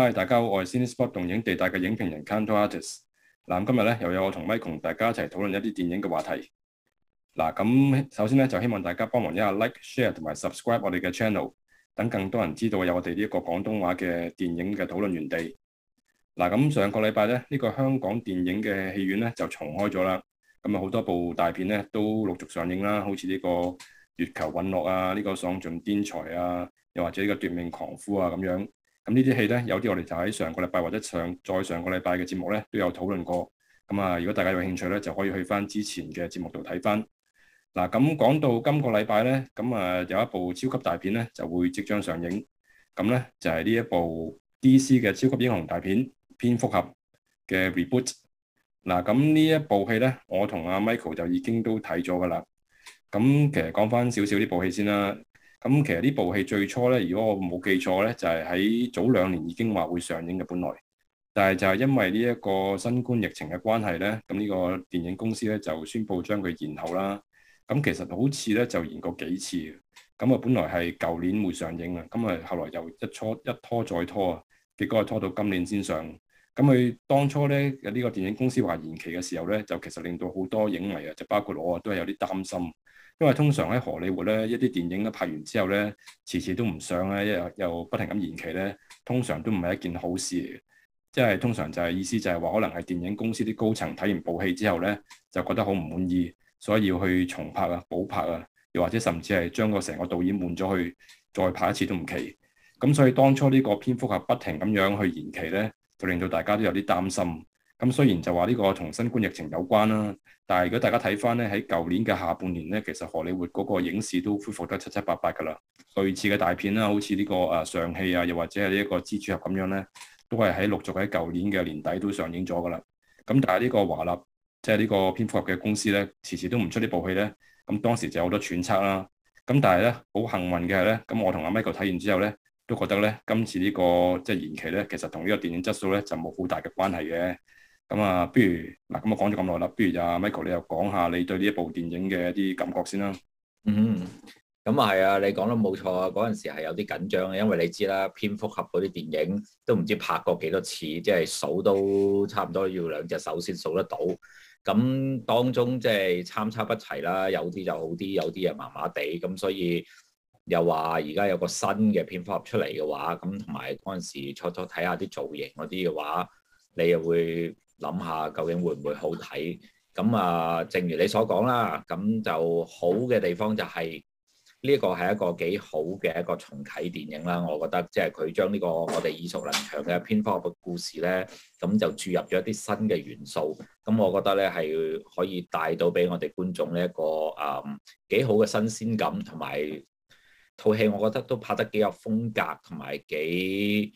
嗨，Hi, 大家好，我係 CineSpot 動映地帶嘅影評人 Kantorates，嗱，今日咧又有我同 Michael 同大家一齊討論一啲電影嘅話題。嗱，咁首先咧就希望大家幫忙一下 Like Share,、Share 同埋 Subscribe 我哋嘅 channel，等更多人知道有我哋呢一個廣東話嘅電影嘅討論園地。嗱，咁上個禮拜咧，呢、呢個香港電影嘅戲院咧就重開咗啦，咁啊好多部大片咧都陸續上映啦，好似呢個月球隕落啊，呢、呢個喪盡天才》啊，又或者呢個奪命狂呼啊咁樣。咁呢啲戲咧，有啲我哋就喺上個禮拜或者上再上個禮拜嘅節目咧，都有討論過。咁啊，如果大家有興趣咧，就可以去翻之前嘅節目度睇翻。嗱，咁講到今個禮拜咧，咁啊有一部超級大片咧，就會即將上映。咁咧就係呢一部 DC 嘅超級英雄大片《蝙蝠俠》嘅 Reboot。嗱，咁呢一部戲咧，我同阿 Michael 就已經都睇咗噶啦。咁其實講翻少少呢部戲先啦。咁其實呢部戲最初咧，如果我冇記錯咧，就係喺早兩年已經話會上映嘅本來，但係就係因為呢一個新冠疫情嘅關係咧，咁呢個電影公司咧就宣布將佢延後啦。咁其實好似咧就延過幾次，咁啊本來係舊年會上映啊，咁啊後來又一拖一拖再拖啊，結果係拖到今年先上。咁佢當初咧，呢個電影公司話延期嘅時候咧，就其實令到好多影迷啊，就包括我啊，都係有啲擔心。因為通常喺荷里活咧，一啲電影咧拍完之後咧，遲遲都唔上咧，又又不停咁延期咧，通常都唔係一件好事嚟嘅。即係通常就係意思就係話，可能係電影公司啲高層睇完部戲之後咧，就覺得好唔滿意，所以要去重拍啊、補拍啊，又或者甚至係將個成個導演換咗去再拍一次都唔奇。咁所以當初呢個蝙蝠俠不停咁樣去延期咧。就令到大家都有啲擔心。咁雖然就話呢個同新冠疫情有關啦、啊，但係如果大家睇翻咧，喺舊年嘅下半年咧，其實荷里活嗰個影視都恢復得七七八八㗎啦。類似嘅大片啦，好似呢個誒上戲啊，又或者係呢一個蜘蛛俠咁樣咧，都係喺陸續喺舊年嘅年底都上映咗㗎啦。咁但係呢個華納，即係呢個蝙蝠俠嘅公司咧，遲遲都唔出呢部戲咧。咁當時就有好多揣測啦。咁但係咧，好幸運嘅係咧，咁我同阿 Michael 睇完之後咧，都覺得咧，今次呢、呢個即係延期咧，其實同呢個電影質素咧就冇好大嘅關係嘅。咁啊，不如嗱，咁我講咗咁耐啦，不如就、啊、阿 Michael 你又講下你對呢一部電影嘅一啲感覺先啦。嗯，咁啊係啊，你講得冇錯啊。嗰陣時係有啲緊張嘅，因為你知啦，蝙蝠俠嗰啲電影都唔知拍過幾多次，即、就、係、是、數都差唔多要兩隻手先數得到。咁當中即係參差不齊啦，有啲就好啲，有啲啊麻麻地。咁所以。又話而家有個新嘅蝙蝠俠出嚟嘅話，咁同埋嗰陣時初初睇下啲造型嗰啲嘅話，你又會諗下究竟會唔會好睇？咁啊，正如你所講啦，咁就好嘅地方就係呢個係一個幾好嘅一個重啟電影啦。我覺得即係佢將呢個我哋耳熟能詳嘅蝙蝠俠嘅故事咧，咁就注入咗一啲新嘅元素。咁我覺得咧係可以帶到俾我哋觀眾呢一個啊幾、嗯、好嘅新鮮感同埋套戲我覺得都拍得幾有風格，同埋幾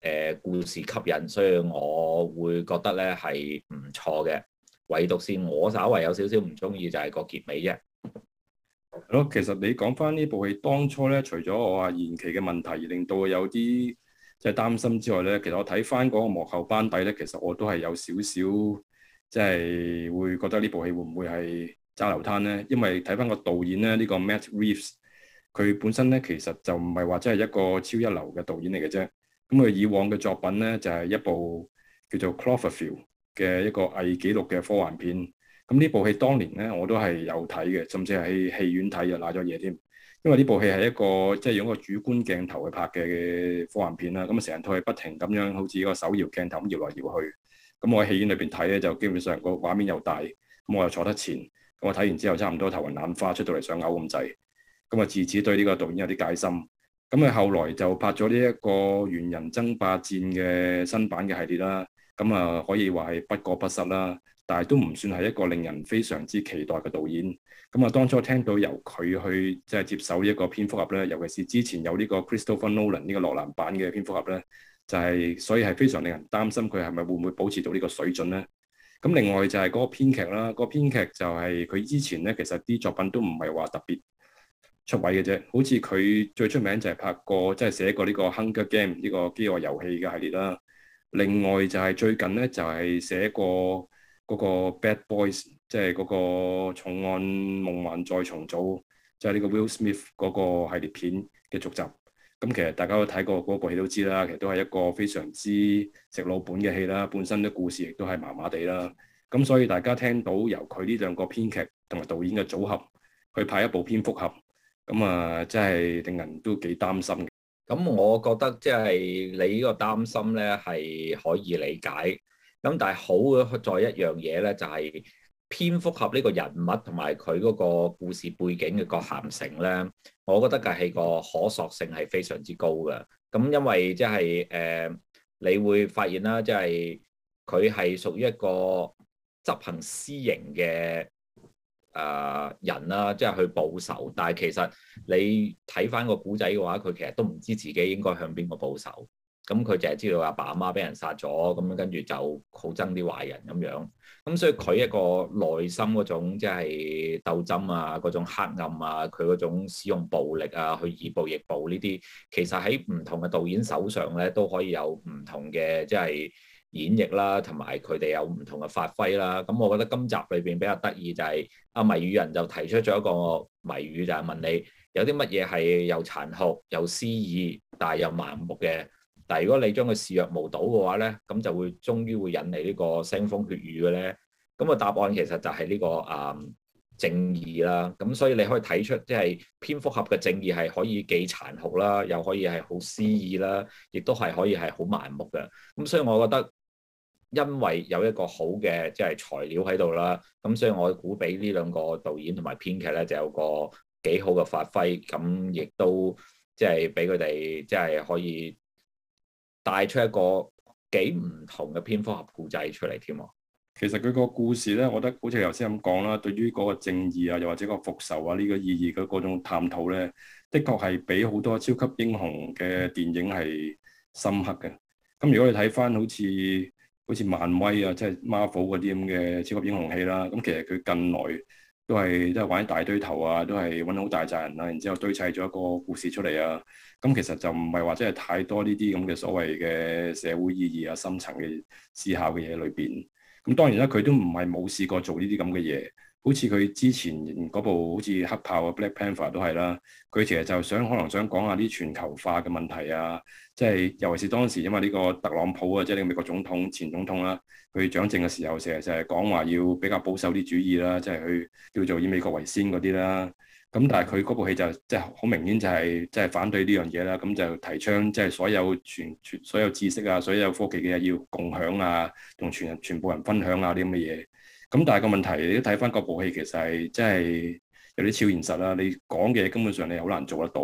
誒故事吸引，所以我會覺得咧係唔錯嘅。唯獨是我稍為有少少唔中意就係、是、個結尾啫。係咯，其實你講翻呢部戲當初咧，除咗我話延期嘅問題而令到我有啲即係擔心之外咧，其實我睇翻嗰個幕後班底咧，其實我都係有少少即係會覺得部會會呢部戲會唔會係揸流攤咧？因為睇翻個導演咧，呢、呢個 Matt Reeves。佢本身咧，其實就唔係話真係一個超一流嘅導演嚟嘅啫。咁佢以往嘅作品咧，就係一部叫做《Cloverfield》嘅一個偽紀錄嘅科幻片。咁呢部戲當年咧，我都係有睇嘅，甚至係喺戲院睇又攋咗嘢添。因為呢部戲係一個即係用一個主觀鏡頭去拍嘅科幻片啦。咁啊，成套係不停咁樣好似個手搖鏡頭咁搖來搖去。咁我喺戲院裏邊睇咧，就基本上個畫面又大，咁我又坐得前，咁我睇完之後差唔多頭暈眼花，出到嚟想嘔咁滯。咁啊，自此對呢個導演有啲戒心。咁佢後來就拍咗呢一個《猿人爭霸戰》嘅新版嘅系列啦。咁啊，可以話係不過不失啦，但係都唔算係一個令人非常之期待嘅導演。咁啊，當初聽到由佢去即係接手呢一個蝙蝠俠咧，尤其是之前有呢個 Christopher Nolan 呢個諾蘭版嘅蝙蝠俠咧，就係、是、所以係非常令人擔心佢係咪會唔會保持到呢個水準咧？咁另外就係嗰個編劇啦，嗰個編劇就係佢之前咧，其實啲作品都唔係話特別。出位嘅啫，好似佢最出名就係拍過，即係寫過呢個《Hunger Game》呢個飢餓遊戲嘅系列啦。另外就係最近咧，就係寫過嗰個《Bad Boys》，即係嗰個重案夢幻再重組，即係呢個 Will Smith 嗰個系列片嘅續集。咁其實大家都睇過嗰部戲都知啦，其實都係一個非常之食老本嘅戲啦。本身啲故事亦都係麻麻地啦。咁所以大家聽到由佢呢兩個編劇同埋導演嘅組合去拍一部蝙蝠俠。咁啊，即係、嗯、令人都幾擔心，咁我覺得即係你呢個擔心咧，係可以理解。咁但係好嘅，再一樣嘢咧，就係蝙蝠俠呢個人物同埋佢嗰個故事背景嘅侷限性咧，我覺得係個可塑性係非常之高嘅。咁因為即係誒，你會發現啦，即係佢係屬於一個執行私刑嘅。誒、呃、人啦、啊，即係去報仇，但係其實你睇翻個古仔嘅話，佢其實都唔知自己應該向邊個報仇。咁佢淨係知道阿爸阿媽俾人殺咗，咁跟住就好憎啲壞人咁樣。咁所以佢一個內心嗰種即係鬥爭啊，嗰種黑暗啊，佢嗰種使用暴力啊，去以暴逆暴呢啲，其實喺唔同嘅導演手上咧，都可以有唔同嘅即係演繹啦，同埋佢哋有唔同嘅發揮啦。咁我覺得今集裏邊比較得意就係阿謎語人就提出咗一個謎語，就係問你有啲乜嘢係又殘酷又詩意，但係又盲目嘅。但係如果你將佢視若無睹嘅話咧，咁就會終於會引嚟呢個腥風血雨嘅咧。咁個答案其實就係呢個誒正義啦。咁所以你可以睇出即係蝙蝠俠嘅正義係可以幾殘酷啦，又可以係好詩意啦，亦都係可以係好盲目嘅。咁所以我覺得。因為有一個好嘅即係材料喺度啦，咁所以我估俾呢兩個導演同埋編劇咧就有個幾好嘅發揮，咁亦都即係俾佢哋即係可以帶出一個幾唔同嘅蝙蝠俠故仔出嚟添喎。其實佢個故事咧，我覺得好似頭先咁講啦，對於嗰個正義啊，又或者個復仇啊呢個意義嘅嗰種探討咧，的確係比好多超級英雄嘅電影係深刻嘅。咁如果你睇返好似～好似漫威啊，即係 Marvel 嗰啲咁嘅超級英雄戲啦。咁其實佢近來都係都係玩一大堆頭啊，都係搵好大扎人啦，啊。然之後堆砌咗一個故事出嚟啊。咁其實就唔係話即係太多呢啲咁嘅所謂嘅社會意義啊，深層嘅思考嘅嘢裏邊。咁當然啦，佢都唔係冇試過做呢啲咁嘅嘢。好似佢之前嗰部好似黑豹啊《Black Panther》都係啦，佢其實就想可能想講下啲全球化嘅問題啊，即係尤其是當時因為呢個特朗普啊，即係呢美國總統前總統啦，佢掌政嘅時候成日就係講話要比較保守啲主義啦，即係佢叫做以美國為先嗰啲啦。咁但係佢嗰部戲就即係好明顯就係即係反對呢樣嘢啦，咁就提倡即係所有全全所有知識啊，所有科技嘅嘢要共享啊，同全人全部人分享啊啲咁嘅嘢。咁但係個問題，你都睇翻嗰部戲，其實係真係有啲超現實啦。你講嘅根本上你好難做得到。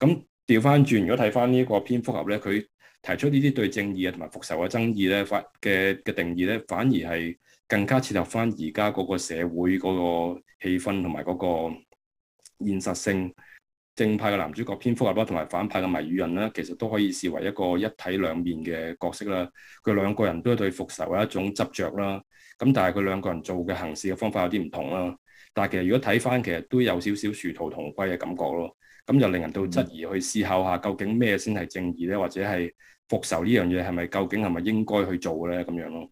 咁調翻轉，如果睇翻呢一個蝙蝠俠咧，佢提出呢啲對正義啊同埋復仇嘅爭議咧，法嘅嘅定義咧，反而係更加切合翻而家嗰個社會嗰個氣氛同埋嗰個現實性。正派嘅男主角蝙蝠俠啦，同埋反派嘅謎語人啦，其實都可以視為一個一體兩面嘅角色啦。佢兩個人都係對復仇一種執着啦。咁但係佢兩個人做嘅行事嘅方法有啲唔同啦，但係其實如果睇翻，其實都有少少殊途同歸嘅感覺咯。咁就令人到質疑去思考下，究竟咩先係正義咧，或者係復仇呢樣嘢係咪究竟係咪應該去做咧？咁樣咯。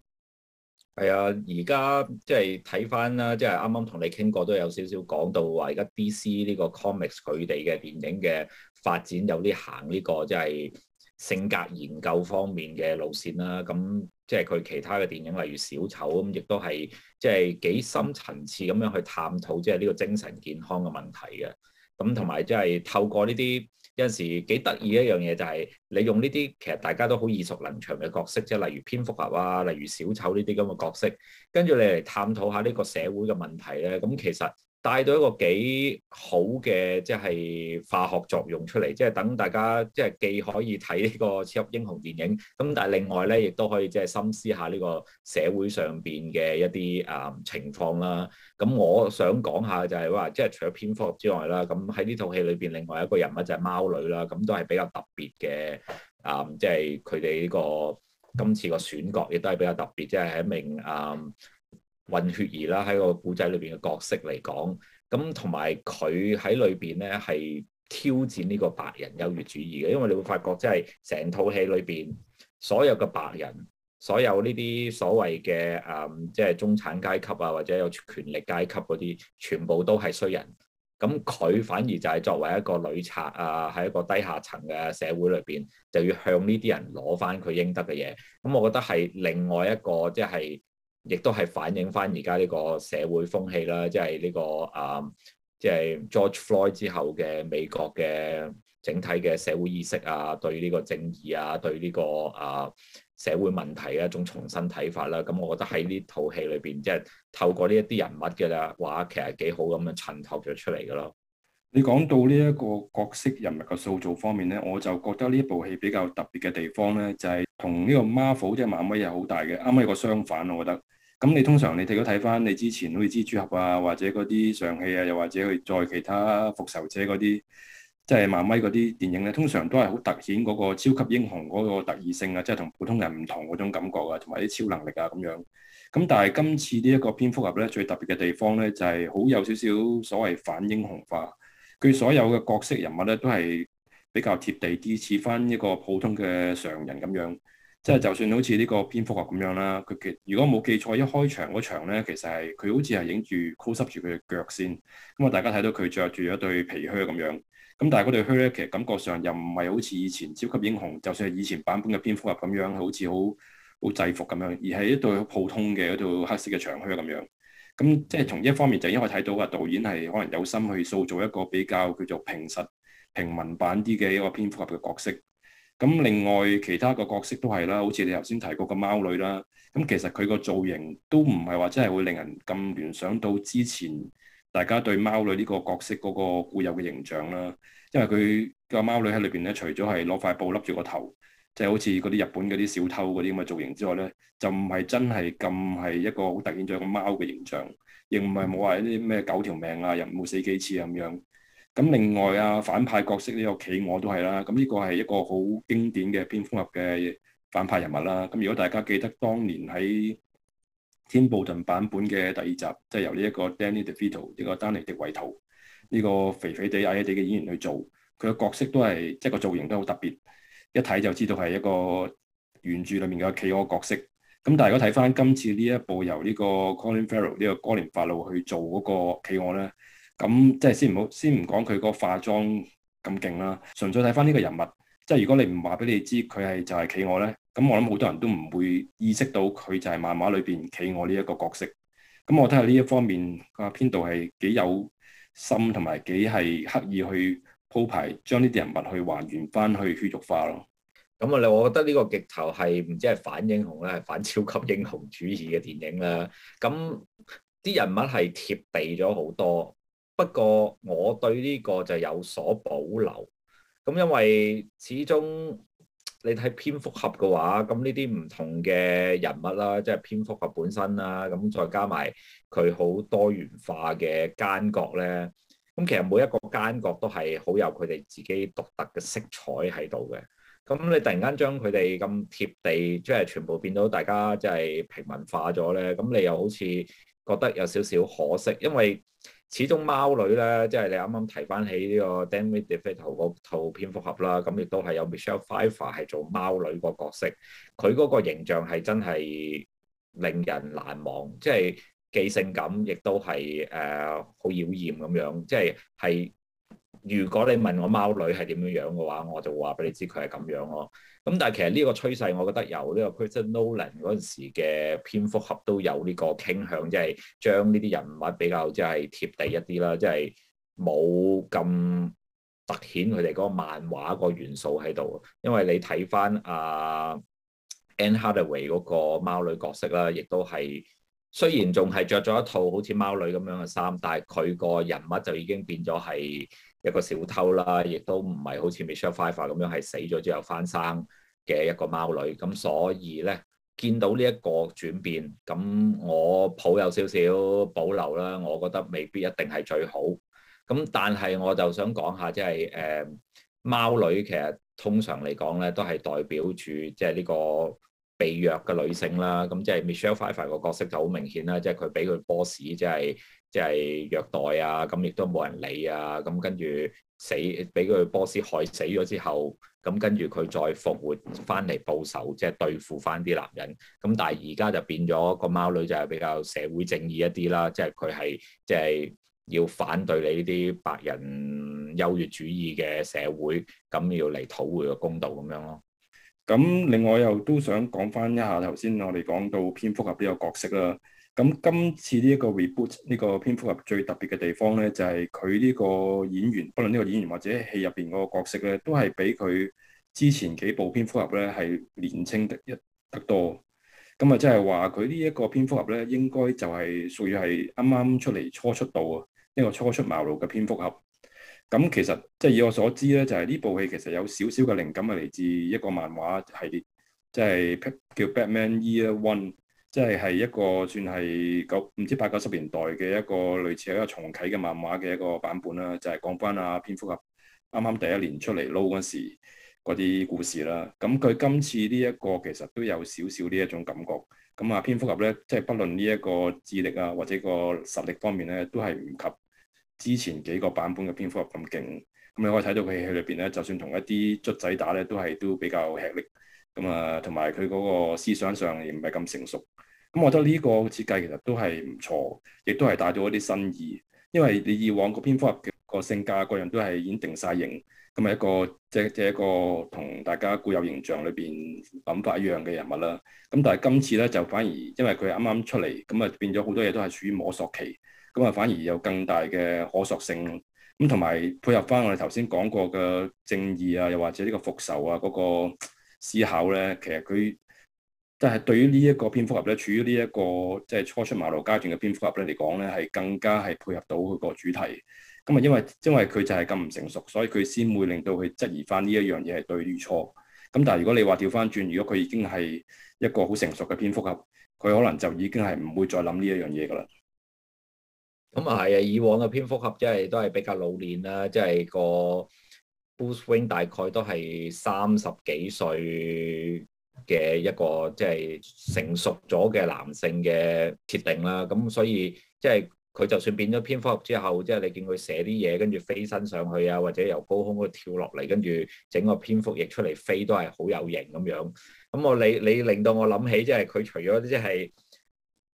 係啊，而家即係睇翻啦，即係啱啱同你傾過都有少少講到話，而家 DC 呢個 comics 佢哋嘅電影嘅發展有啲行呢個即係性格研究方面嘅路線啦，咁。即係佢其他嘅電影，例如小丑咁，亦都係即係幾深層次咁樣去探討，即係呢個精神健康嘅問題嘅。咁同埋即係透過呢啲有陣時幾得意一樣嘢，就係，就係你用呢啲其實大家都好耳熟能詳嘅角色，即係例如蝙蝠俠啊，例如小丑呢啲咁嘅角色，跟住你嚟探討下呢個社會嘅問題咧。咁其實～帶到一個幾好嘅，即係化學作用出嚟，即係等大家即係既可以睇呢個超級英雄電影，咁但係另外咧，亦都可以即係深思下呢個社會上邊嘅一啲啊情況啦。咁我想講下就係話，即係除咗蝙蝠俠之外啦，咁喺呢套戲裏邊，另外一個人物就係貓女啦，咁都係比較特別嘅啊，即係佢哋呢個今次個選角亦都係比較特別，即係係一名啊。嗯混血兒啦，喺個古仔裏邊嘅角色嚟講，咁同埋佢喺裏邊咧係挑戰呢個白人優越主義嘅，因為你會發覺即係成套戲裏邊所有嘅白人，所有呢啲所謂嘅誒，即係中產階級啊，或者有權力階級嗰啲，全部都係衰人。咁佢反而就係作為一個女賊啊，喺一個低下層嘅社會裏邊，就要向呢啲人攞翻佢應得嘅嘢。咁我覺得係另外一個即係。就是亦都係反映翻而家呢個社會風氣啦，即係呢個啊，即係 George Floyd 之後嘅美國嘅整體嘅社會意識啊，對呢個正義、這個、啊，對呢個啊社會問題一種重新睇法啦。咁我覺得喺呢套戲裏邊，即係透過呢一啲人物嘅啦話其實幾好咁樣襯托咗出嚟嘅咯。你講到呢一個角色人物嘅塑造方面咧，我就覺得呢一部戲比較特別嘅地方咧，就係同呢個 Marvel 即係漫威又好大嘅，啱啱一個相反。我覺得咁，你通常你睇到睇翻你之前好似蜘蛛俠啊，或者嗰啲上戲啊，又或者去再其他復仇者嗰啲即係漫威嗰啲電影咧，通常都係好突顯嗰個超級英雄嗰個特異性啊，即係同普通人唔同嗰種感覺啊，同埋啲超能力啊咁樣。咁但係今次呢一個蝙蝠俠咧，最特別嘅地方咧，就係好有少少所謂反英雄化。佢所有嘅角色人物咧，都係比較貼地啲，似翻一個普通嘅常人咁樣。即係就算好似呢個蝙蝠俠咁樣啦，佢如果冇記錯，一開場嗰場咧，其實係佢好似係影住箍濕住佢嘅腳先。咁、嗯、啊，大家睇到佢着住咗對皮靴咁樣。咁但係嗰對靴咧，其實感覺上又唔係好似以前超級英雄，就算係以前版本嘅蝙蝠俠咁樣，好似好好制服咁樣，而係一對普通嘅一對黑色嘅長靴咁樣。咁即係從一方面就因為睇到話導演係可能有心去塑造一個比較叫做平實、平民版啲嘅一個蝙蝠俠嘅角色。咁另外其他個角色都係啦，好似你頭先提過嘅貓女啦。咁其實佢個造型都唔係話真係會令人咁聯想到之前大家對貓女呢個角色嗰個固有嘅形象啦。因為佢個貓女喺裏邊咧，除咗係攞塊布笠住個頭。即係好似嗰啲日本嗰啲小偷嗰啲咁嘅造型之外咧，就唔係真係咁係一個好特顯著嘅貓嘅形象，亦唔係冇話啲咩九條命啊，又冇死幾次啊咁樣。咁另外啊，反派角色呢個企鵝都係啦。咁呢個係一個好經典嘅蝙蝠俠嘅反派人物啦。咁如果大家記得當年喺天布 m 版本嘅第二集，即、就、係、是、由呢一個 Danny d e v i t 呢個 d a 迪維圖呢個肥肥哋矮矮哋嘅演員去做，佢嘅角色都係即係個造型都好特別。一睇就知道係一個原著裏面嘅企鵝角色。咁但係如果睇翻今次呢一部由呢個 Colin Farrell 呢個哥連法路去做嗰個企鵝咧，咁即係先唔好先唔講佢個化妝咁勁啦。純粹睇翻呢個人物，即係如果你唔話俾你知佢係就係企鵝咧，咁我諗好多人都唔會意識到佢就係漫畫裏邊企鵝呢一個角色。咁我睇下呢一方面個編導係幾有心同埋幾係刻意去鋪排將呢啲人物去還原翻去血肉化咯。咁啊，你我覺得呢個極頭係唔知係反英雄咧，係反超級英雄主義嘅電影啦。咁啲人物係貼地咗好多，不過我對呢個就有所保留。咁因為始終你睇蝙蝠俠嘅話，咁呢啲唔同嘅人物啦，即係蝙蝠俠本身啦，咁再加埋佢好多元化嘅奸角咧。咁其實每一個奸角都係好有佢哋自己獨特嘅色彩喺度嘅。咁你突然間將佢哋咁貼地，即係全部變到大家即係平民化咗咧。咁你又好似覺得有少少可惜，因為始終貓女咧，即係你啱啱提翻起呢個 Danny DeVito 嗰套蝙蝠俠啦，咁亦都係有 Michelle Pfeiffer 係做貓女個角色，佢嗰個形象係真係令人難忘，即係。既性感，亦都係誒好妖豔咁樣，即係係如果你問我貓女係點樣樣嘅話，我就會話俾你知佢係咁樣咯。咁但係其實呢個趨勢，我覺得由呢個 Christopher Nolan 嗰陣時嘅蝙蝠俠都有呢個傾向，即係將呢啲人物比較即係貼地一啲啦，即係冇咁突顯佢哋嗰個漫畫個元素喺度。因為你睇翻阿 Anne Hathaway 嗰個貓女角色啦，亦都係。雖然仲係着咗一套好似貓女咁樣嘅衫，但係佢個人物就已經變咗係一個小偷啦，亦都唔係好似 Michelle Pfeiffer 咁樣係死咗之後翻生嘅一個貓女。咁所以咧，見到呢一個轉變，咁我抱有少少保留啦。我覺得未必一定係最好。咁但係我就想講下，即係誒貓女其實通常嚟講咧，都係代表住即係呢個。被虐嘅女性啦，咁即係 Michelle Pfeiffer 個角色就好明顯啦，即係佢俾佢 boss 即係即係虐待啊，咁亦都冇人理啊，咁跟住死俾佢 boss 害死咗之後，咁跟住佢再復活翻嚟報仇，即係對付翻啲男人。咁但係而家就變咗個貓女就係比較社會正義一啲啦，即係佢係即係要反對你呢啲白人優越主義嘅社會，咁要嚟討回個公道咁樣咯。咁另外又都想講翻一下頭先我哋講到蝙蝠俠呢個角色啦。咁今次呢一個 reboot 呢個蝙蝠俠最特別嘅地方咧，就係佢呢個演員，不論呢個演員或者戲入邊個角色咧，都係比佢之前幾部蝙蝠俠咧係年青得一得多。咁啊，即係話佢呢一個蝙蝠俠咧，應該就係屬於係啱啱出嚟初出道啊，呢個初出茅廬嘅蝙蝠俠。咁其實即係以我所知咧，就係呢部戲其實有少少嘅靈感係嚟自一個漫畫系列，即係叫 Batman Year One，即係係一個算係九唔知八九十年代嘅一個類似係一個重啟嘅漫畫嘅一個版本啦，就係講翻阿蝙蝠俠啱啱第一年出嚟撈嗰時嗰啲故事啦。咁佢今次呢一個其實都有少少呢一種感覺。咁啊，蝙蝠俠咧，即係不論呢一個智力啊或者個實力方面咧，都係唔及。之前幾個版本嘅蝙蝠俠咁勁，咁你可以睇到佢戲戲裏邊咧，就算同一啲卒仔打咧，都係都比較吃力。咁啊，同埋佢嗰個思想上亦唔係咁成熟。咁我覺得呢個設計其實都係唔錯，亦都係帶咗一啲新意。因為你以往個蝙蝠俠嘅個性格、個人都係已經定晒型，咁係一個即即係一個同大家固有形象裏邊諗法一樣嘅人物啦。咁但係今次咧就反而因為佢啱啱出嚟，咁啊變咗好多嘢都係屬於摸索期。咁啊，反而有更大嘅可塑性，咁同埋配合翻我哋頭先講過嘅正義啊，又或者呢個復仇啊嗰個思考咧，其實佢即係對於呢一個蝙蝠俠咧，處於呢一個即係初出茅廬階段嘅蝙蝠俠咧嚟講咧，係更加係配合到佢個主題。咁啊，因為因為佢就係咁唔成熟，所以佢先會令到佢質疑翻呢一樣嘢係對與錯。咁但係如果你話調翻轉，如果佢已經係一個好成熟嘅蝙蝠俠，佢可能就已經係唔會再諗呢一樣嘢噶啦。咁啊，係啊！以往嘅蝙蝠俠即係都係比較老練啦，即係個 Booth Wing 大概都係三十幾歲嘅一個，即係成熟咗嘅男性嘅設定啦。咁所以即係佢就算變咗蝙蝠俠之後，即係你見佢寫啲嘢，跟住飛身上去啊，或者由高空度跳落嚟，跟住整個蝙蝠翼出嚟飛，都係好有型咁樣。咁我你你令到我諗起，即係佢除咗即係。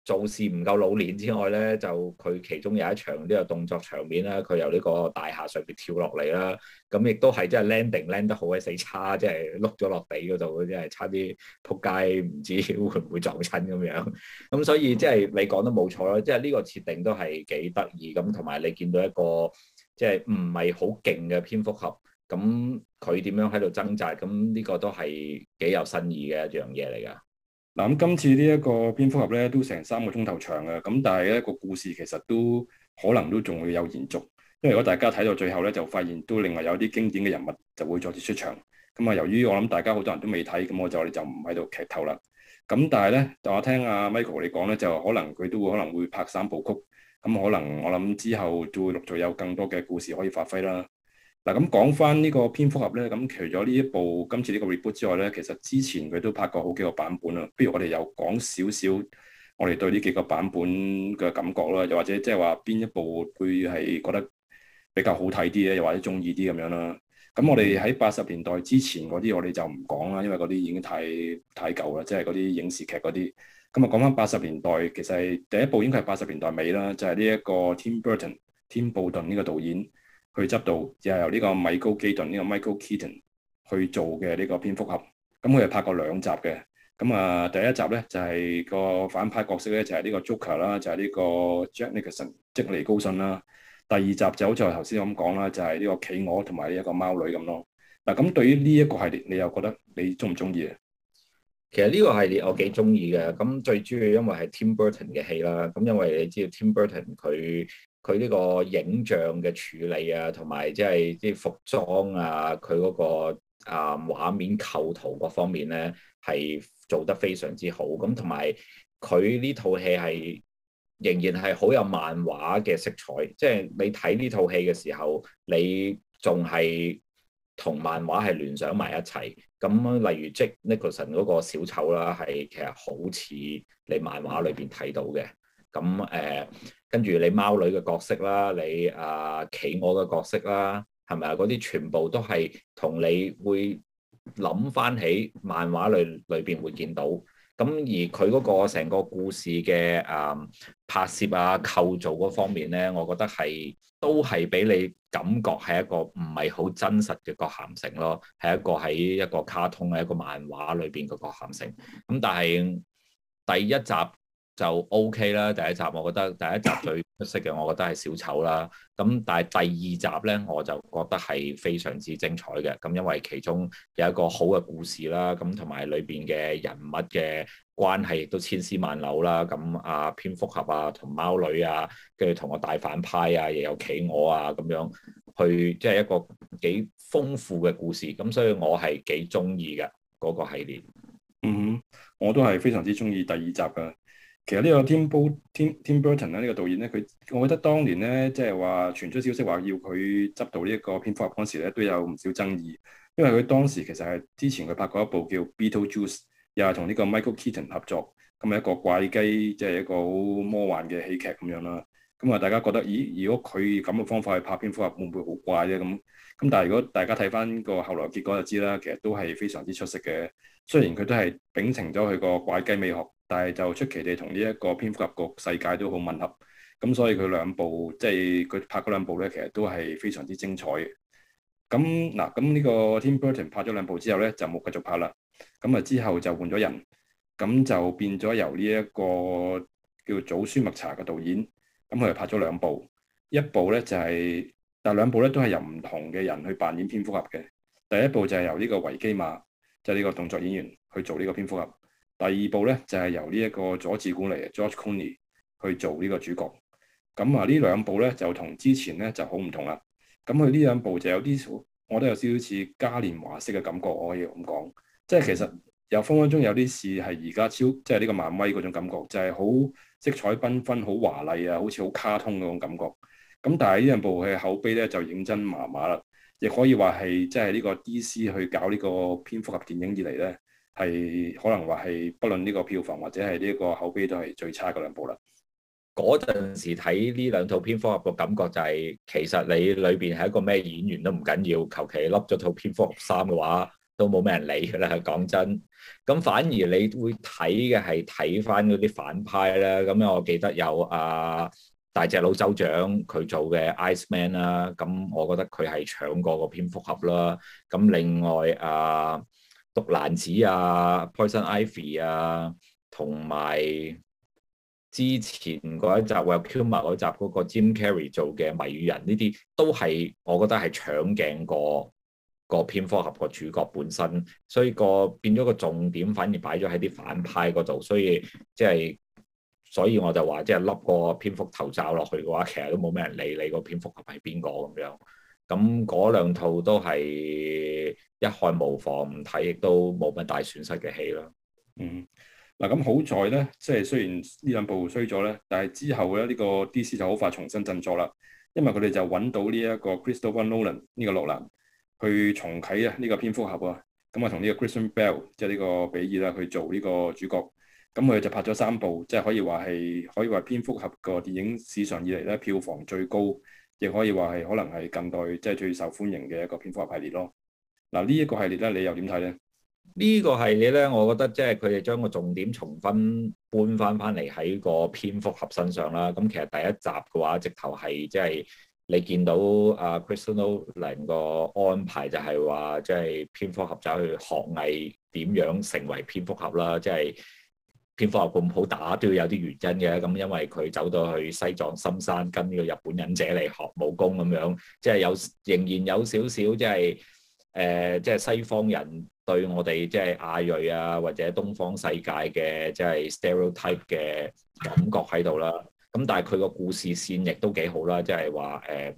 做事唔夠老練之外咧，就佢其中有一場呢個動作場面啦，佢由呢個大廈上邊跳落嚟啦，咁亦都係即係 landing landing 得好鬼死差，即係碌咗落地嗰度，即係差啲仆街，唔知會唔會撞親咁樣。咁所以即係你講得冇錯啦，即係呢個設定都係幾得意咁，同埋你見到一個即係唔係好勁嘅蝙蝠俠，咁佢點樣喺度掙扎，咁呢個都係幾有新意嘅一樣嘢嚟噶。嗱，今次呢一個蝙蝠俠呢，都成三個鐘頭長㗎，咁但係呢個故事其實都可能都仲會有延續，因為如果大家睇到最後呢，就發現都另外有啲經典嘅人物就會再次出場。咁啊，由於我諗大家好多人都未睇，咁我就就唔喺度劇透啦。咁但係呢，就我聽阿 Michael 你講呢，就可能佢都會可能會拍三部曲，咁可能我諗之後就會陸續有更多嘅故事可以發揮啦。嗱，咁講翻呢個蝙蝠俠咧，咁除咗呢一部今次呢個 reboot 之外咧，其實之前佢都拍過好幾個版本啊。不如我哋又講少少，我哋對呢幾個版本嘅感覺啦，又或者即係話邊一部會係覺得比較好睇啲咧，又或者中意啲咁樣啦。咁我哋喺八十年代之前嗰啲，我哋就唔講啦，因為嗰啲已經太太舊啦，即係嗰啲影視劇嗰啲。咁啊，講翻八十年代，其實第一部應該係八十年代尾啦，就係呢一個 Tim Burton，Tim Burton 呢個導演。去執到，亦係由呢個米高基頓呢個 Michael, Michael Keaton 去做嘅呢個蝙蝠俠。咁佢係拍過兩集嘅。咁啊，第一集咧就係、是、個反派角色咧就係呢個 Joker 啦，就係呢個 Jack Nicholson，即尼高信啦。第二集就好似我頭先咁講啦，就係、是、呢個企鵝同埋呢一個貓女咁咯。嗱，咁對於呢一個系列，你又覺得你中唔中意啊？其實呢個系列我幾中意嘅。咁最主要因為係 Tim Burton 嘅戲啦。咁因為你知道 Tim Burton 佢。佢呢個影像嘅處理啊，同埋即係啲服裝啊，佢嗰個啊畫面構圖各方面咧，係做得非常之好。咁同埋佢呢套戲係仍然係好有漫畫嘅色彩，即係你睇呢套戲嘅時候，你仲係同漫畫係聯想埋一齊。咁例如即 Nicholson 嗰個小丑啦，係其實好似你漫畫裏邊睇到嘅。咁誒，跟住、嗯、你貓女嘅角色啦，你啊企鵝嘅角色啦，係咪啊？嗰啲全部都係同你會諗返起漫畫裏裏邊會見到。咁、嗯、而佢嗰個成個故事嘅啊、嗯、拍攝啊構造嗰方面咧，我覺得係都係俾你感覺係一個唔係好真實嘅個鹹性咯，係一個喺一個卡通嘅一個漫畫裏邊嘅個鹹性。咁、嗯、但係第一集，就 OK 啦。第一集，我覺得第一集最出色嘅，我覺得係小丑啦。咁但係第二集咧，我就覺得係非常之精彩嘅。咁因為其中有一個好嘅故事啦，咁同埋裏邊嘅人物嘅關係亦都千絲萬縷啦。咁啊，蝙蝠俠啊，同貓女啊，跟住同個大反派啊，又有企鵝啊，咁樣去即係一個幾豐富嘅故事。咁所以我係幾中意嘅嗰個系列。嗯，我都係非常之中意第二集嘅。其實呢個 Tim Bo Tim Tim Burton 咧，呢個導演咧，佢我覺得當年咧，即係話傳出消息話要佢執導呢一個《蝙蝠俠》嗰時咧，都有唔少爭議，因為佢當時其實係之前佢拍過一部叫《Beetlejuice》，又係同呢個 Michael Keaton 合作，咁係一個怪雞，即係一個好魔幻嘅喜劇咁樣啦。咁啊，大家覺得，咦？如果佢咁嘅方法去拍《蝙蝠俠》會會，會唔會好怪咧？咁咁，但係如果大家睇翻個後來結果就知啦，其實都係非常之出色嘅。雖然佢都係秉承咗佢個怪雞美學。但係就出奇地同呢一個蝙蝠俠局世界都好吻合，咁所以佢兩部，即係佢拍嗰兩部咧，其實都係非常之精彩嘅。咁嗱，咁呢個 Tim Burton 拍咗兩部之後咧，就冇繼續拍啦。咁啊之後就換咗人，咁就變咗由呢一個叫祖舒密查嘅導演，咁佢就拍咗兩部，一部咧就係、是，但係兩部咧都係由唔同嘅人去扮演蝙蝠俠嘅。第一部就係由呢個韋基馬，就係、是、呢個動作演員去做呢個蝙蝠俠。第二部咧就係由呢一個佐治古尼嚟，George 嘅 Clooney 去做呢個主角。咁啊呢兩部咧就同之前咧就好唔同啦。咁佢呢兩部就有啲，我都有少少似嘉年華式嘅感覺，我可以咁講。即係其實有分分鐘有啲似係而家超，即係呢個漫威嗰種感覺，就係好色彩繽紛、好華麗啊，好似好卡通嗰種感覺。咁但係呢兩部嘅口碑咧就認真麻麻啦，亦可以話係即係呢個 DC 去搞呢個蝙蝠俠電影以嚟咧。係可能話係不論呢個票房或者係呢個口碑都係最差嗰兩部啦。嗰陣時睇呢兩套蝙蝠俠個感覺就係、是，其實你裏邊係一個咩演員都唔緊要，要，求其笠咗套蝙蝠俠衫嘅話，都冇咩人理㗎啦。講真，咁反而你會睇嘅係睇翻嗰啲反派啦。咁樣我記得有阿、啊、大隻佬州長佢做嘅 Ice Man 啦、啊，咁我覺得佢係搶過個蝙蝠俠啦。咁另外阿、啊。毒蘭子啊，Poison Ivy 啊，同埋之前嗰一集《Where Q 末》嗰集嗰個 Jim Carrey 做嘅謎語人，呢啲都係我覺得係搶鏡過個蝙蝠俠個主角本身，所以個變咗個重點反而擺咗喺啲反派嗰度，所以即係所以我就話即係笠個蝙蝠頭罩落去嘅話，其實都冇咩人理你個蝙蝠俠係邊個咁樣。咁嗰兩套都係一看無妨唔睇，亦都冇乜大損失嘅戲啦。嗯，嗱咁好在咧，即係雖然呢兩部衰咗咧，但係之後咧呢、呢個 DC 就好快重新振作啦，因為佢哋就揾到呢一個 Christopher Nolan 呢個諾蘭去重啟啊呢個蝙蝠俠啊，咁啊同呢個 Christian Bale 即係呢個比爾啦去做呢個主角，咁、啊、佢就拍咗三部，即係可以話係可以話蝙蝠俠個電影史上以嚟咧票房最高。亦可以話係可能係近代即係、就是、最受歡迎嘅一個蝙蝠俠系列咯。嗱，呢一個系列咧，你又點睇咧？呢個系列咧，我覺得即係佢哋將個重點重分搬翻翻嚟喺個蝙蝠俠身上啦。咁、嗯、其實第一集嘅話，直頭係即係你見到啊 Chris Nolan 個安排就係話，即、就、係、是、蝙蝠俠走去學藝點樣成為蝙蝠俠啦，即、就、係、是。蝙蝠俠咁好打都要有啲原因嘅，咁因為佢走到去西藏深山跟呢個日本忍者嚟學武功咁樣，即係有仍然有少少即係誒，即係、呃、西方人對我哋即係亞裔啊或者東方世界嘅即係 stereotype 嘅感覺喺度啦。咁但係佢個故事線亦都幾好啦，即係話誒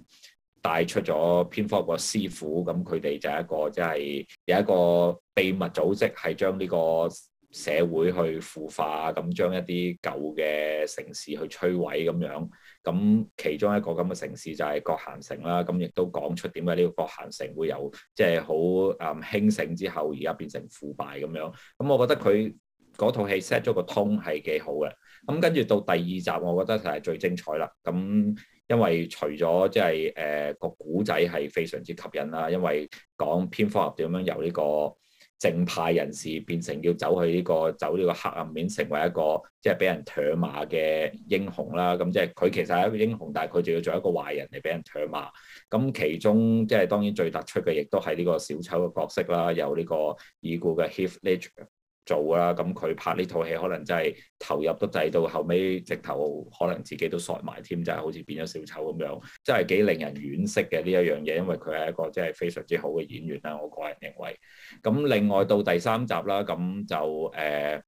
帶出咗蝙蝠俠個師傅，咁佢哋就係一個即係、就是、有一個秘密組織係將呢個，社會去腐化，咁將一啲舊嘅城市去摧毀咁樣，咁其中一個咁嘅城市就係葛咸城啦。咁亦都講出點解呢個葛咸城會有即係好誒興盛之後，而家變成腐敗咁樣。咁我覺得佢嗰套戲 set 咗個 tone 係幾好嘅。咁跟住到第二集，我覺得就係最精彩啦。咁因為除咗即係誒個古仔係非常之吸引啦，因為講蝙蝠俠點樣由呢、呢個。正派人士變成要走去呢個走呢個黑暗面，成為一個即係俾人唾罵嘅英雄啦。咁即係佢其實係一個英雄，但係佢仲要做一個壞人嚟俾人唾罵。咁其中即係當然最突出嘅，亦都係呢個小丑嘅角色啦。有呢個已故嘅 Heath Ledger。做啦，咁佢拍呢套戲可能真係投入得滯，到後尾直頭可能自己都傻埋添，就係、是、好似變咗小丑咁樣，真係幾令人惋惜嘅呢一樣嘢。因為佢係一個真係非常之好嘅演員啦，我個人認為。咁另外到第三集啦，咁就誒、呃，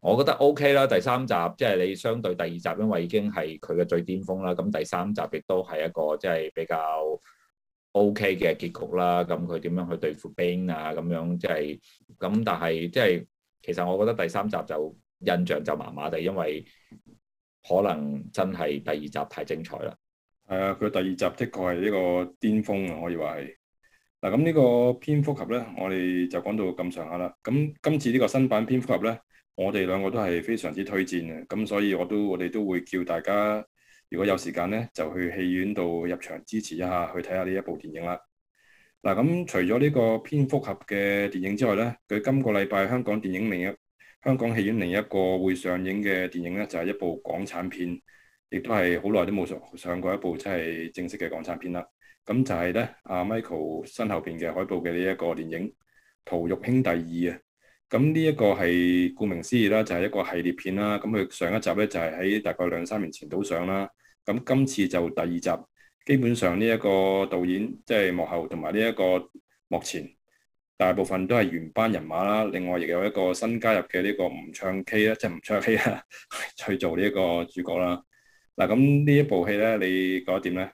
我覺得 OK 啦。第三集即係、就是、你相對第二集，因為已經係佢嘅最巔峰啦。咁第三集亦都係一個即係比較。O.K. 嘅結局啦，咁佢點樣去對付 Bane 啊？咁樣即係咁，就是、但係即係其實我覺得第三集就印象就麻麻地，因為可能真係第二集太精彩啦。係啊，佢第二集的確係呢個巔峰啊，可以話係。嗱咁呢個蝙蝠俠咧，我哋就講到咁上下啦。咁今次呢個新版蝙蝠俠咧，我哋兩個都係非常之推薦嘅。咁所以我都我哋都會叫大家。如果有時間咧，就去戲院度入場支持一下，去睇下呢一部電影啦。嗱、啊，咁除咗呢個蝙蝠俠嘅電影之外咧，佢今個禮拜香港電影另一香港戲院另一個會上映嘅電影咧，就係、是、一部港產片，亦都係好耐都冇上上過一部即係正式嘅港產片啦。咁就係咧，阿、啊、Michael 身後邊嘅海報嘅呢一個電影《逃獄兄弟二》啊。咁呢一個係顧名思義啦，就係、是、一個系列片啦。咁佢上一集咧就係、是、喺大概兩三年前倒上啦。咁今次就第二集，基本上呢一個導演即係、就是、幕後同埋呢一個幕前，大部分都係原班人馬啦。另外亦有一個新加入嘅呢個吳卓羲咧，即係吳卓羲啊， 去做呢一個主角啦。嗱，咁呢一部戲咧，你覺得點咧？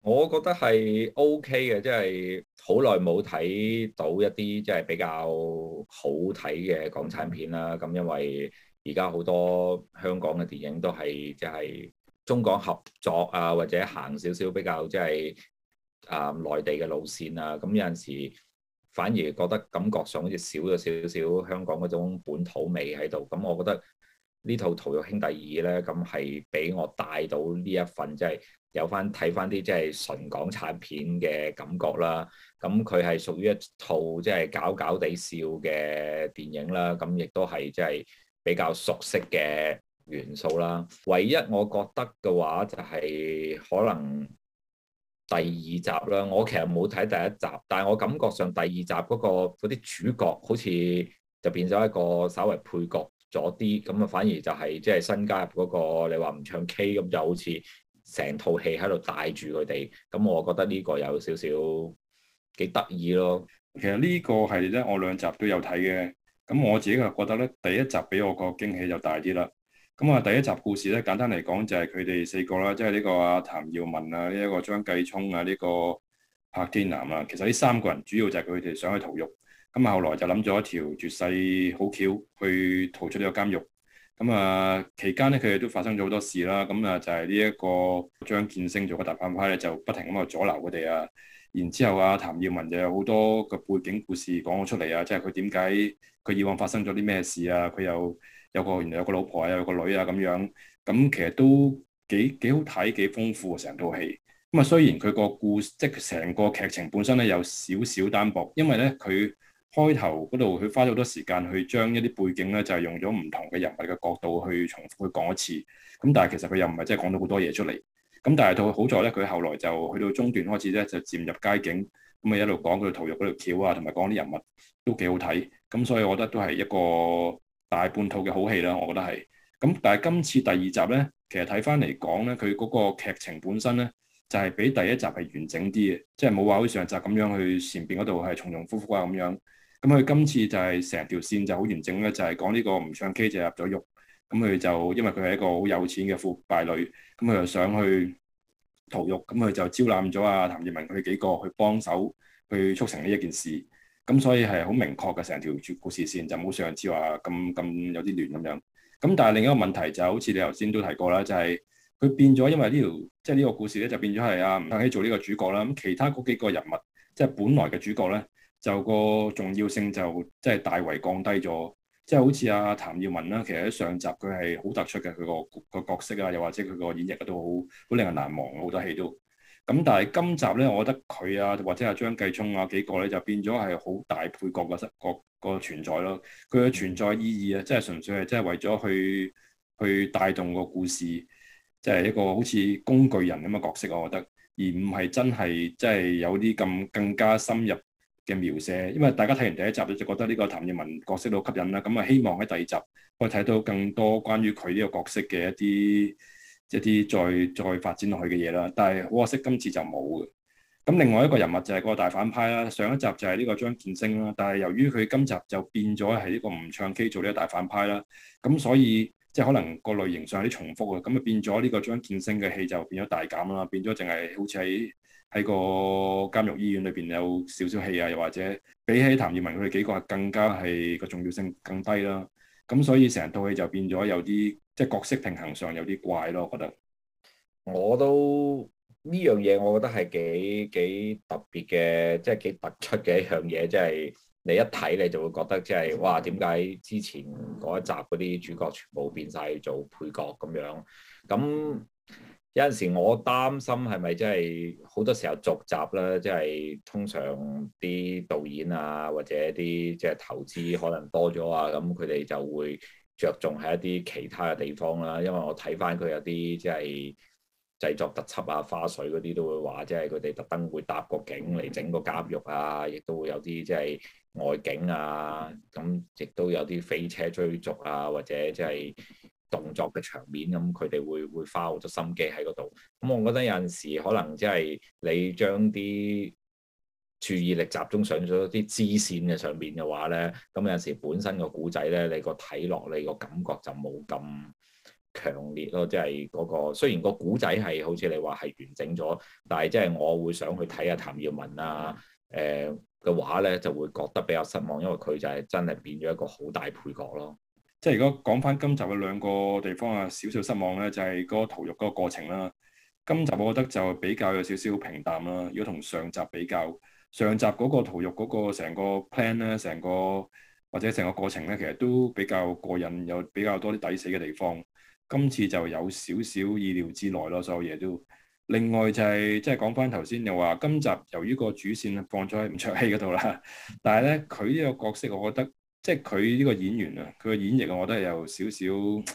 我覺得係 OK 嘅，即係好耐冇睇到一啲即係比較好睇嘅港產片啦。咁因為而家好多香港嘅電影都係即係。中港合作啊，或者行少少比較即係，啊，內地嘅路線啊，咁有陣時反而覺得感覺上好似少咗少少香港嗰種本土味喺度。咁我覺得呢套《逃獄兄弟二》咧，咁係俾我帶到呢一份即係有翻睇翻啲即係純港產片嘅感覺啦。咁佢係屬於一套即係搞搞地笑嘅電影啦。咁亦都係即係比較熟悉嘅。元素啦，唯一我覺得嘅話就係可能第二集啦。我其實冇睇第一集，但係我感覺上第二集嗰個嗰啲主角好似就變咗一個稍微配角咗啲，咁啊，反而就係即係新加入嗰個你話唔唱 K 咁，就好似成套戲喺度帶住佢哋，咁我覺得呢個有少少幾得意咯。其實呢個係咧，我兩集都有睇嘅，咁我自己就覺得咧，第一集俾我個驚喜就大啲啦。咁啊、嗯，第一集故事咧，簡單嚟講就係佢哋四個啦，即係呢個阿譚耀文啊，呢、這、一個張繼聰啊，呢、這個柏天男啊。其實呢三個人主要就係佢哋想去逃獄。咁、嗯、啊，後來就諗咗一條絕世好橋去逃出呢個監獄。咁、嗯、啊，期間咧佢哋都發生咗好多事啦。咁、嗯、啊，就係呢一個張建聲做個大反派咧，就不停咁去阻撓佢哋啊。然之後啊，譚耀文就有好多個背景故事講咗出嚟啊，即係佢點解佢以往發生咗啲咩事啊，佢又，有個原來有個老婆啊，有個女啊咁樣，咁其實都幾幾好睇，幾豐富啊成套戲。咁啊雖然佢個故事即係成個劇情本身咧有少少單薄，因為咧佢開頭嗰度佢花咗好多時間去將一啲背景咧就係用咗唔同嘅人物嘅角度去重複去講一次。咁但係其實佢又唔係真係講咗好多嘢出嚟。咁但係到好在咧，佢後來就去到中段開始咧就漸入佳境。咁啊一路講佢度逃獄嗰度橋啊，同埋講啲人物都幾好睇。咁所以我覺得都係一個大半套嘅好戲啦，我覺得係。咁但係今次第二集呢，其實睇返嚟講呢，佢嗰個劇情本身呢，就係、是、比第一集係完整啲嘅，即係冇話好似上集咁樣去前邊嗰度係重重覆覆啊咁樣。咁、嗯、佢今次就係成條線就好完整咧，就係、是、講呢個唔唱 K 就入咗獄。咁、嗯、佢就因為佢係一個好有錢嘅富貴女，咁、嗯、佢就想去逃獄，咁、嗯、佢就招攬咗阿、啊、譚耀文，佢幾個去幫手去促成呢一件事。咁所以係好明確嘅，成條故事線就冇上次話咁咁有啲亂咁樣。咁但係另一個問題就係，好似你頭先都提過啦，就係佢變咗，因為呢條即係呢個故事咧，就變咗係阿吳卓羲做呢個主角啦。咁其他嗰幾個人物，即係本來嘅主角咧，就個重要性就即係大為降低咗。即係好似阿譚耀文啦，其實喺上集佢係好突出嘅，佢個個角色啊，又或者佢個演繹啊，都好好令人難忘，好多戲都。咁但係今集咧，我覺得佢啊，或者阿張繼聰啊幾個咧，就變咗係好大配角嘅個個存在咯。佢嘅存在意義啊，即係純粹係即係為咗去去帶動個故事，即係一個好似工具人咁嘅角色，我覺得，而唔係真係即係有啲咁更加深入嘅描寫。因為大家睇完第一集咧，就覺得呢個譚耀文角色好吸引啦。咁啊，希望喺第二集我可以睇到更多關於佢呢個角色嘅一啲。一啲再再發展落去嘅嘢啦，但係可惜今次就冇嘅。咁另外一個人物就係個大反派啦。上一集就係呢個張繼聰啦，但係由於佢今集就變咗係呢個唔唱 K 做呢個大反派啦，咁所以即係、就是、可能個類型上有啲重複啊，咁啊變咗呢個張繼聰嘅戲就變咗大減啦，變咗淨係好似喺喺個監獄醫院裏邊有少少戲啊，又或者比起譚耀文佢哋幾個更加係個重要性更低啦。咁所以成套戲就變咗有啲即係角色平衡上有啲怪咯，我覺得我都呢樣嘢我覺得係幾幾特別嘅，即係幾突出嘅一樣嘢，即係你一睇你就會覺得即係哇點解之前嗰一集嗰啲主角全部變晒做配角咁樣咁。有陣時我擔心係咪即係好多時候續集啦，即係通常啲導演啊或者啲即係投資可能多咗啊，咁佢哋就會着重喺一啲其他嘅地方啦。因為我睇翻佢有啲即係製作特輯啊、花絮嗰啲都會話，即係佢哋特登會搭個景嚟整個監獄啊，亦都會有啲即係外景啊，咁亦都有啲飛車追逐啊，或者即係，動作嘅場面，咁佢哋會會花好多心機喺嗰度。咁我覺得有陣時可能即係你將啲注意力集中上咗一啲支線嘅上邊嘅話咧，咁有陣時本身個古仔咧，你個睇落你個感覺就冇咁強烈咯。即係嗰個雖然個古仔係好似你話係完整咗，但係即係我會想去睇下、啊、譚耀文啊誒嘅話咧，就會覺得比較失望，因為佢就係、是、真係變咗一個好大配角咯。即係如果講翻今集嘅兩個地方啊，少少失望咧，就係、是、嗰個屠肉嗰個過程啦。今集我覺得就比較有少少平淡啦。如果同上集比較，上集嗰個屠肉嗰個成個 plan 咧，成個或者成個過程咧，其實都比較過癮，有比較多啲抵死嘅地方。今次就有少少意料之內咯，所有嘢都。另外就係、是、即係講翻頭先又話，今集由於個主線放咗喺吳卓羲嗰度啦，但係咧佢呢個角色，我覺得。即係佢呢個演員啊，佢嘅演繹我覺得係有少少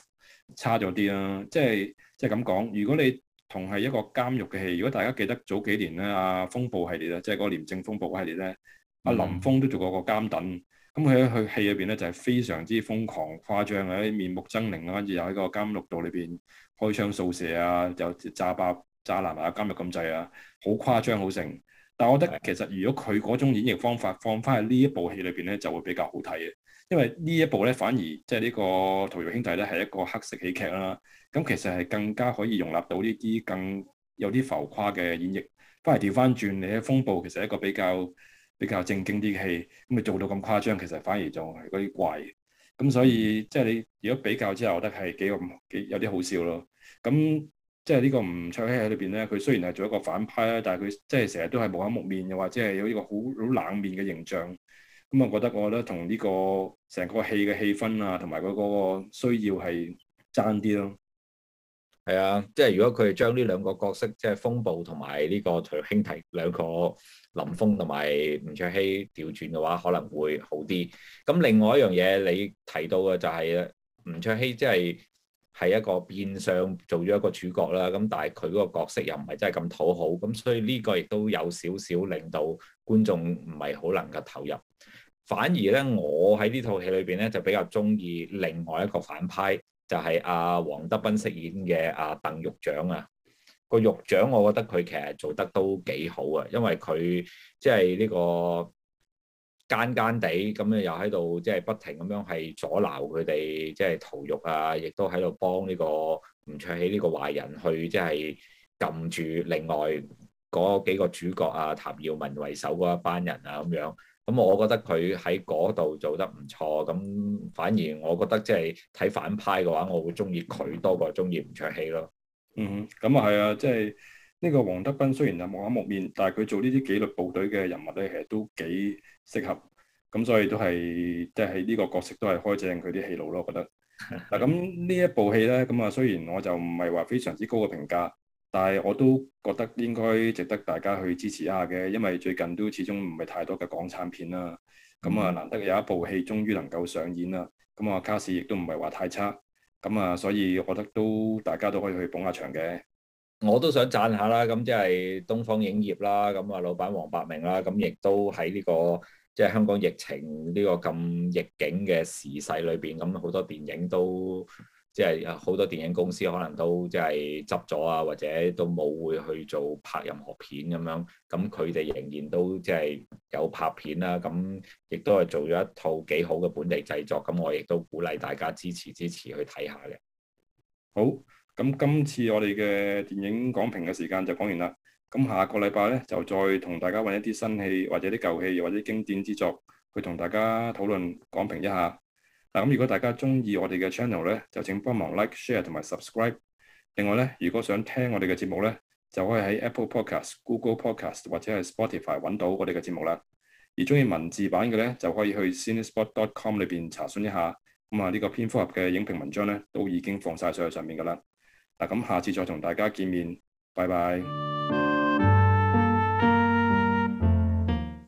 差咗啲啦。即係即係咁講，如果你同係一個監獄嘅戲，如果大家記得早幾年咧、啊，阿風暴系列咧，即係嗰個廉政風暴系列咧，阿、啊、林峯都做過個監躉，咁佢喺佢戲裏邊咧就係、是、非常之瘋狂、誇張啊，啲面目猙獰啊，跟住又喺個監獄度裏邊開槍掃射啊，又炸爆炸爛啊、個監獄咁滯啊，好誇張好盛。但係我覺得其實如果佢嗰種演繹方法放翻喺呢一部戲裏邊咧，就會比較好睇嘅。因為呢一部咧，反而即係呢個逃獄兄弟咧，係一個黑色喜劇啦。咁其實係更加可以容納到呢啲更有啲浮誇嘅演繹。反而調翻轉，你喺《風暴》其實係一個比較比較正經啲嘅戲，咁咪做到咁誇張，其實反而就係嗰啲怪。咁所以即係你如果比較之後，我覺得係幾個幾有啲好笑咯。咁即係呢個吳卓羲喺裏邊咧，佢雖然係做一個反派啦，但係佢即係成日都係木口木面，又或者係有呢個好好冷面嘅形象。咁我覺得我覺得同呢個成個戲嘅氣氛啊，同埋佢個需要係爭啲咯。係啊，即係如果佢哋將呢兩個角色，即係風暴同埋呢個徐興提兩個林峯同埋吳卓羲調轉嘅話，可能會好啲。咁另外一樣嘢你提到嘅就係，吳卓羲，即係係一個變相做咗一個主角啦。咁但係佢嗰個角色又唔係真係咁討好，咁所以呢個亦都有少少令到。觀眾唔係好能夠投入，反而咧我喺呢套戲裏邊咧就比較中意另外一個反派，就係阿黃德斌飾演嘅阿、啊、鄧獄長啊。那個獄長我覺得佢其實做得都幾好啊，因為佢即係呢個奸奸地咁樣又喺度即係不停咁樣係阻撓佢哋即係逃獄啊，亦都喺度幫呢、呢個吳卓羲呢個壞人去即係撳住另外嗰幾個主角啊，譚耀文為首嗰一班人啊，咁樣咁我覺得佢喺嗰度做得唔錯，咁反而我覺得即係睇反派嘅話，我會中意佢多過中意吳卓羲咯。嗯，咁啊係啊，即係呢個黃德斌雖然係木眼木面，但係佢做呢啲紀律部隊嘅人物咧，其實都幾適合，咁所以都係即係喺呢個角色都係開正佢啲戲路咯，我覺得嗱咁呢一部戲咧，咁啊雖然我就唔係話非常之高嘅評價。但係我都覺得應該值得大家去支持一下嘅，因為最近都始終唔係太多嘅港產片啦。咁啊，難得有一部戲終於能夠上演啦。咁啊，卡士亦都唔係話太差。咁啊，所以我覺得都大家都可以去捧下場嘅。我都想讚下啦。咁即係東方影業啦。咁啊，老闆黃百鳴啦。咁亦都喺呢個即係香港疫情呢個咁逆境嘅時勢裏邊，咁好多電影都，即係好多電影公司可能都即係執咗啊，或者都冇會去做拍任何片咁樣。咁佢哋仍然都即係有拍片啦。咁亦都係做咗一套幾好嘅本地製作。咁我亦都鼓勵大家支持支持去睇下嘅。好，咁今次我哋嘅電影講評嘅時間就講完啦。咁下個禮拜呢，就再同大家揾一啲新戲或者啲舊戲，或者，或者經典之作去同大家討論講評一下。嗱，咁如果大家中意我哋嘅 channel 咧，就請幫忙 like、share 同埋 subscribe。另外咧，如果想聽我哋嘅節目咧，就可以喺 Apple Podcast、Google Podcast 或者係 Spotify 揾到我哋嘅節目啦。而中意文字版嘅咧，就可以去 Cinespot.com 裏邊查詢一下。咁啊，呢個蝙蝠俠嘅影評文章咧，都已經放晒上去上面噶啦。嗱，咁下次再同大家見面，拜拜。